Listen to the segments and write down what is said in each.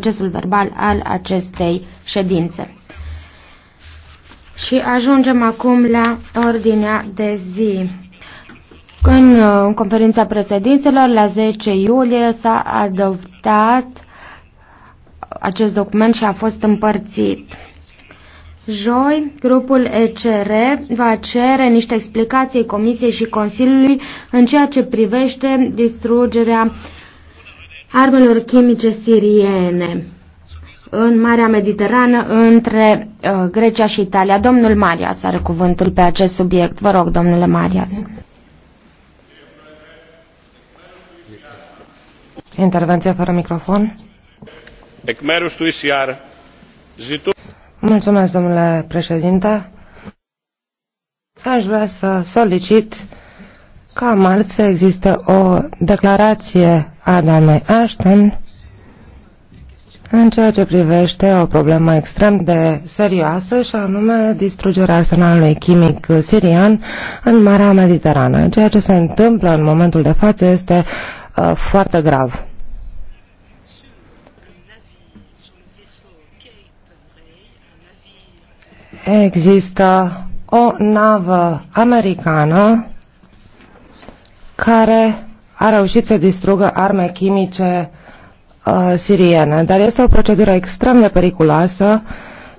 procesul verbal al acestei ședințe. Și ajungem acum la ordinea de zi. În conferința președințelor, la 10 iulie, s-a adoptat acest document și a fost împărțit. Joi, grupul ECR va cere niște explicații Comisiei și Consiliului în ceea ce privește distrugerea uh, armelor chimice siriene în Marea Mediterană între uh, Grecia și Italia. Domnul Marias are cuvântul pe acest subiect. Vă rog, domnule Marias. Intervenție fără microfon. Mulțumesc, domnule președinte. Aș vrea să solicit ca marți există o declarație a doamnei Ashton în ceea ce privește o problemă extrem de serioasă și anume distrugerea arsenalului chimic sirian în Marea Mediterană. Ceea ce se întâmplă în momentul de față este uh, foarte grav. Există o navă americană care a reușit să distrugă arme chimice uh, siriene, dar este o procedură extrem de periculoasă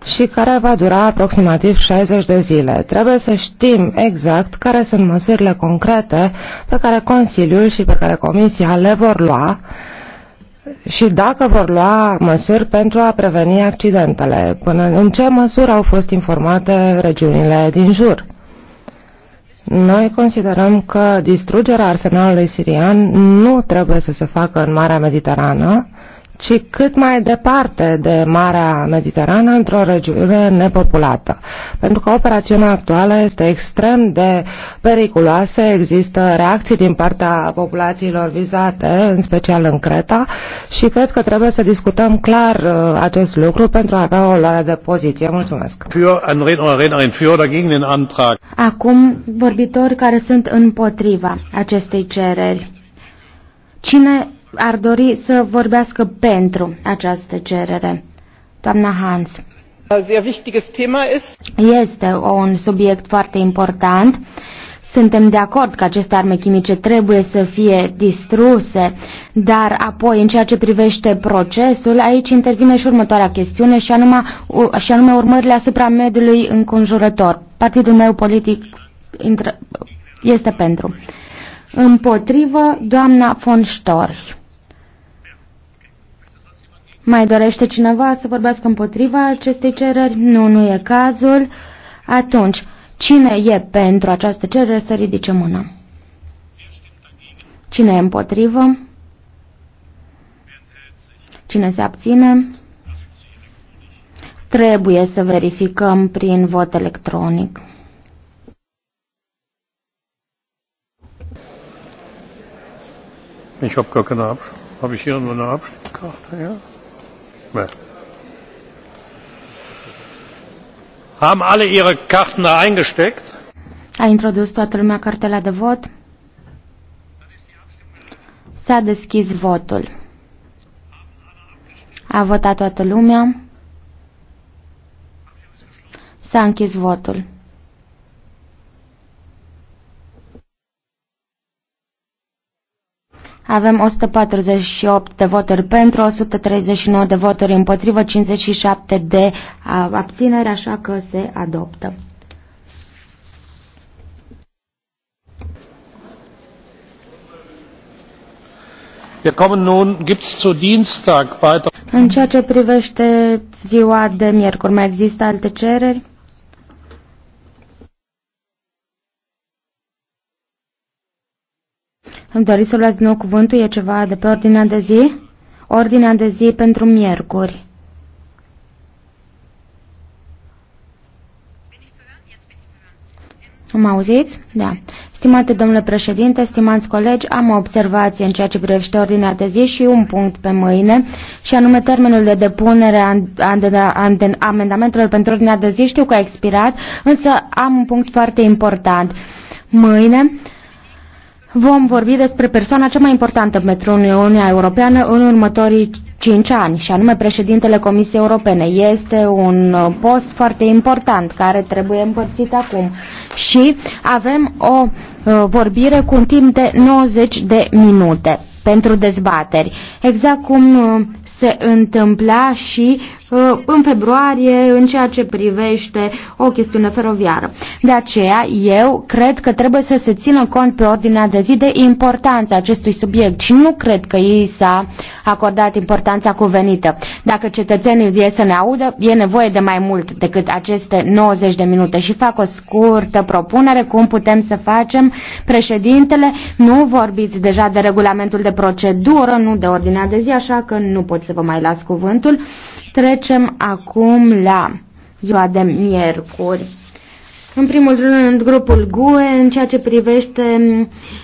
și care va dura aproximativ 60 de zile. Trebuie să știm exact care sunt măsurile concrete pe care Consiliul și pe care Comisia le vor lua și dacă vor lua măsuri pentru a preveni accidentele, până în ce măsură au fost informate regiunile din jur. Noi considerăm că distrugerea arsenalului sirian nu trebuie să se facă în Marea Mediterană, ci cât mai departe de Marea Mediterană, într-o regiune nepopulată. Pentru că operațiunea actuală este extrem de periculoasă, există reacții din partea populațiilor vizate, în special în Creta, și cred că trebuie să discutăm clar uh, acest lucru pentru a avea o luare de poziție. Mulțumesc! Acum, vorbitori care sunt împotriva acestei cereri. Cine ar dori să vorbească pentru această cerere. Doamna Hans. Este un subiect foarte important. Suntem de acord că aceste arme chimice trebuie să fie distruse, dar apoi, în ceea ce privește procesul, aici intervine și următoarea chestiune, și anume, și anume urmările asupra mediului înconjurător. Partidul meu politic intră, este pentru. Împotrivă, doamna von Storch. Mai dorește cineva să vorbească împotriva acestei cereri? Nu, nu e cazul. Atunci, cine e pentru această cerere să ridice mâna? Cine e împotrivă? Cine se abține? Trebuie să verificăm prin vot electronic. Ich habe gar keine Abstimmung. Habe ich hier nur eine Abstimmkarte? Ja. Haben alle ihre Karten da eingesteckt? A introdus toată lumea cartela de vot? S-a deschis votul. A votat toată lumea? S-a închis votul. Avem 148 de voturi pentru, 139 de voturi împotrivă, 57 de abțineri, așa că se adoptă. În ceea ce privește ziua de miercuri, mai există alte cereri? Îmi doriți să luați nou cuvântul? E ceva de pe ordinea de zi? Ordinea de zi pentru miercuri. Mă auziți? Da. Stimate domnule președinte, stimați colegi, am o observație în ceea ce privește ordinea de zi și un punct pe mâine, și anume termenul de depunere a amendamentelor pentru ordinea de zi. Știu că a expirat, însă am un punct foarte important. Mâine Vom vorbi despre persoana cea mai importantă pentru Uniunea Europeană în următorii 5 ani, și anume președintele Comisiei Europene. Este un post foarte important care trebuie împărțit acum și avem o uh, vorbire cu un timp de 90 de minute pentru dezbateri, exact cum uh, se întâmpla și Uh, în februarie în ceea ce privește o chestiune feroviară. De aceea, eu cred că trebuie să se țină cont pe ordinea de zi de importanța acestui subiect și nu cred că ei s-a acordat importanța cuvenită. Dacă cetățenii vie să ne audă, e nevoie de mai mult decât aceste 90 de minute și fac o scurtă propunere cum putem să facem. Președintele, nu vorbiți deja de regulamentul de procedură, nu de ordinea de zi, așa că nu pot să vă mai las cuvântul. Trecem acum la ziua de miercuri. În primul rând, grupul GUE în ceea ce privește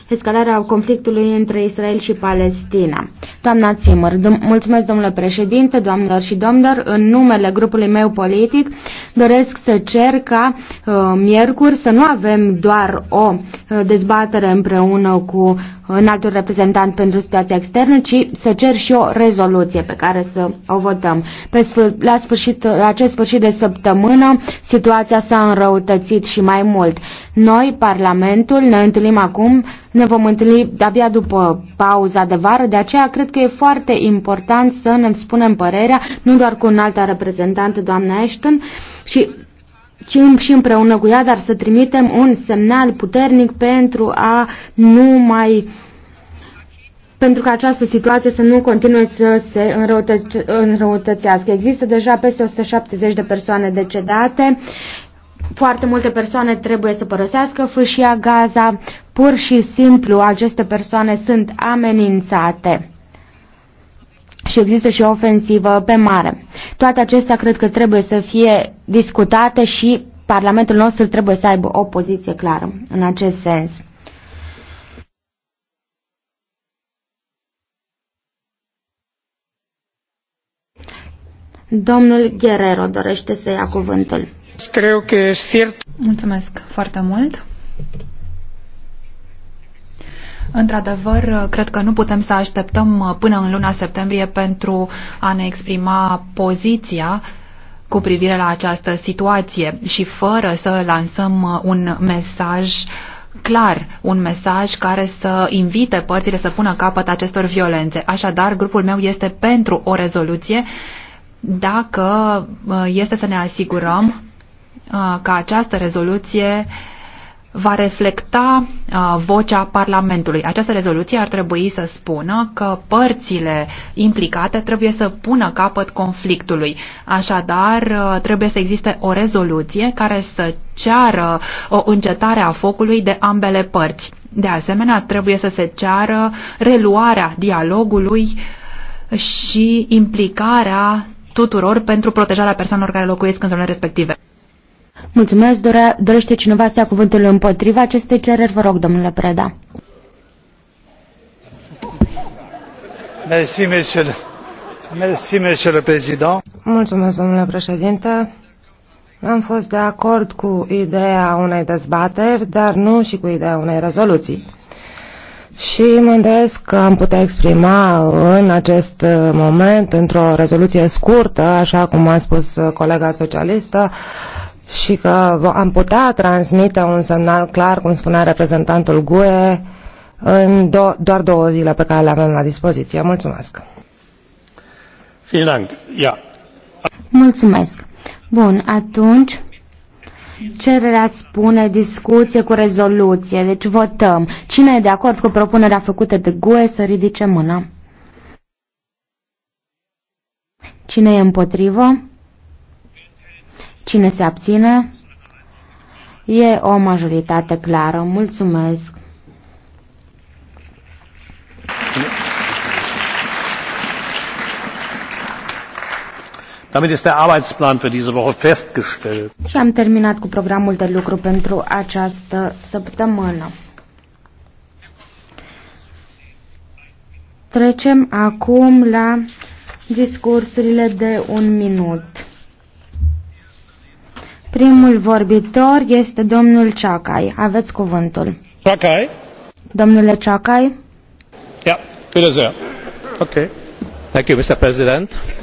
escalarea conflictului între Israel și Palestina. Doamna Zimmer, mulțumesc domnule președinte, doamnelor și domnilor, în numele grupului meu politic doresc să cer ca uh, miercuri să nu avem doar o uh, dezbatere împreună cu altul reprezentant pentru situația externă, ci să cer și o rezoluție pe care să o votăm. Pe sfâr, la sfârșit, la uh, acest sfârșit de săptămână, situația s-a înrăutățit și mai mult. Noi, Parlamentul, ne întâlnim acum ne vom întâlni abia după pauza de vară, de aceea cred că e foarte important să ne spunem părerea, nu doar cu un alta reprezentant, doamna Ashton, și și împreună cu ea, dar să trimitem un semnal puternic pentru a nu mai pentru că această situație să nu continue să se înrăutățească. Există deja peste 170 de persoane decedate. Foarte multe persoane trebuie să părăsească fâșia Gaza. Pur și simplu aceste persoane sunt amenințate și există și o ofensivă pe mare. Toate acestea cred că trebuie să fie discutate și Parlamentul nostru trebuie să aibă o poziție clară în acest sens. Domnul Guerrero dorește să ia cuvântul. Creo que es cierto. Mulțumesc foarte mult. Într-adevăr, cred că nu putem să așteptăm uh, până în luna septembrie pentru a ne exprima poziția cu privire la această situație și fără să lansăm uh, un mesaj clar, un mesaj care să invite părțile să pună capăt acestor violențe. Așadar, grupul meu este pentru o rezoluție dacă uh, este să ne asigurăm că această rezoluție va reflecta vocea Parlamentului. Această rezoluție ar trebui să spună că părțile implicate trebuie să pună capăt conflictului. Așadar, trebuie să existe o rezoluție care să ceară o încetare a focului de ambele părți. De asemenea, trebuie să se ceară reluarea dialogului și implicarea tuturor pentru protejarea persoanelor care locuiesc în zonele respective. Mulțumesc, dorea, dorește cineva să ia cuvântul împotriva acestei cereri? Vă rog, domnule Preda. Mersi, monsieur. Mersi, monsieur le président. Mulțumesc, domnule președinte. Am fost de acord cu ideea unei dezbateri, dar nu și cu ideea unei rezoluții. Și mă îndoiesc că am putea exprima în acest moment, într-o rezoluție scurtă, așa cum a spus colega socialistă, uh, și că am putea transmite un semnal clar, cum spunea reprezentantul GUE, în do- doar două zile pe care le avem la dispoziție. Mulțumesc! Mulțumesc! Bun, atunci cererea spune discuție cu rezoluție, deci votăm. Cine e de acord cu propunerea făcută de GUE să ridice mâna? Cine e împotrivă? Cine se abține? E o majoritate clară. Mulțumesc! Damit ist der Arbeitsplan für diese Woche festgestellt. Și am terminat cu programul de lucru pentru această săptămână. Trecem acum la discursurile de un minut. Primul vorbitor este domnul Ceacai. Aveți cuvântul. Ceacai? Domnule Ceacai? Da, yeah, bine Ok. Thank you, Mr. President.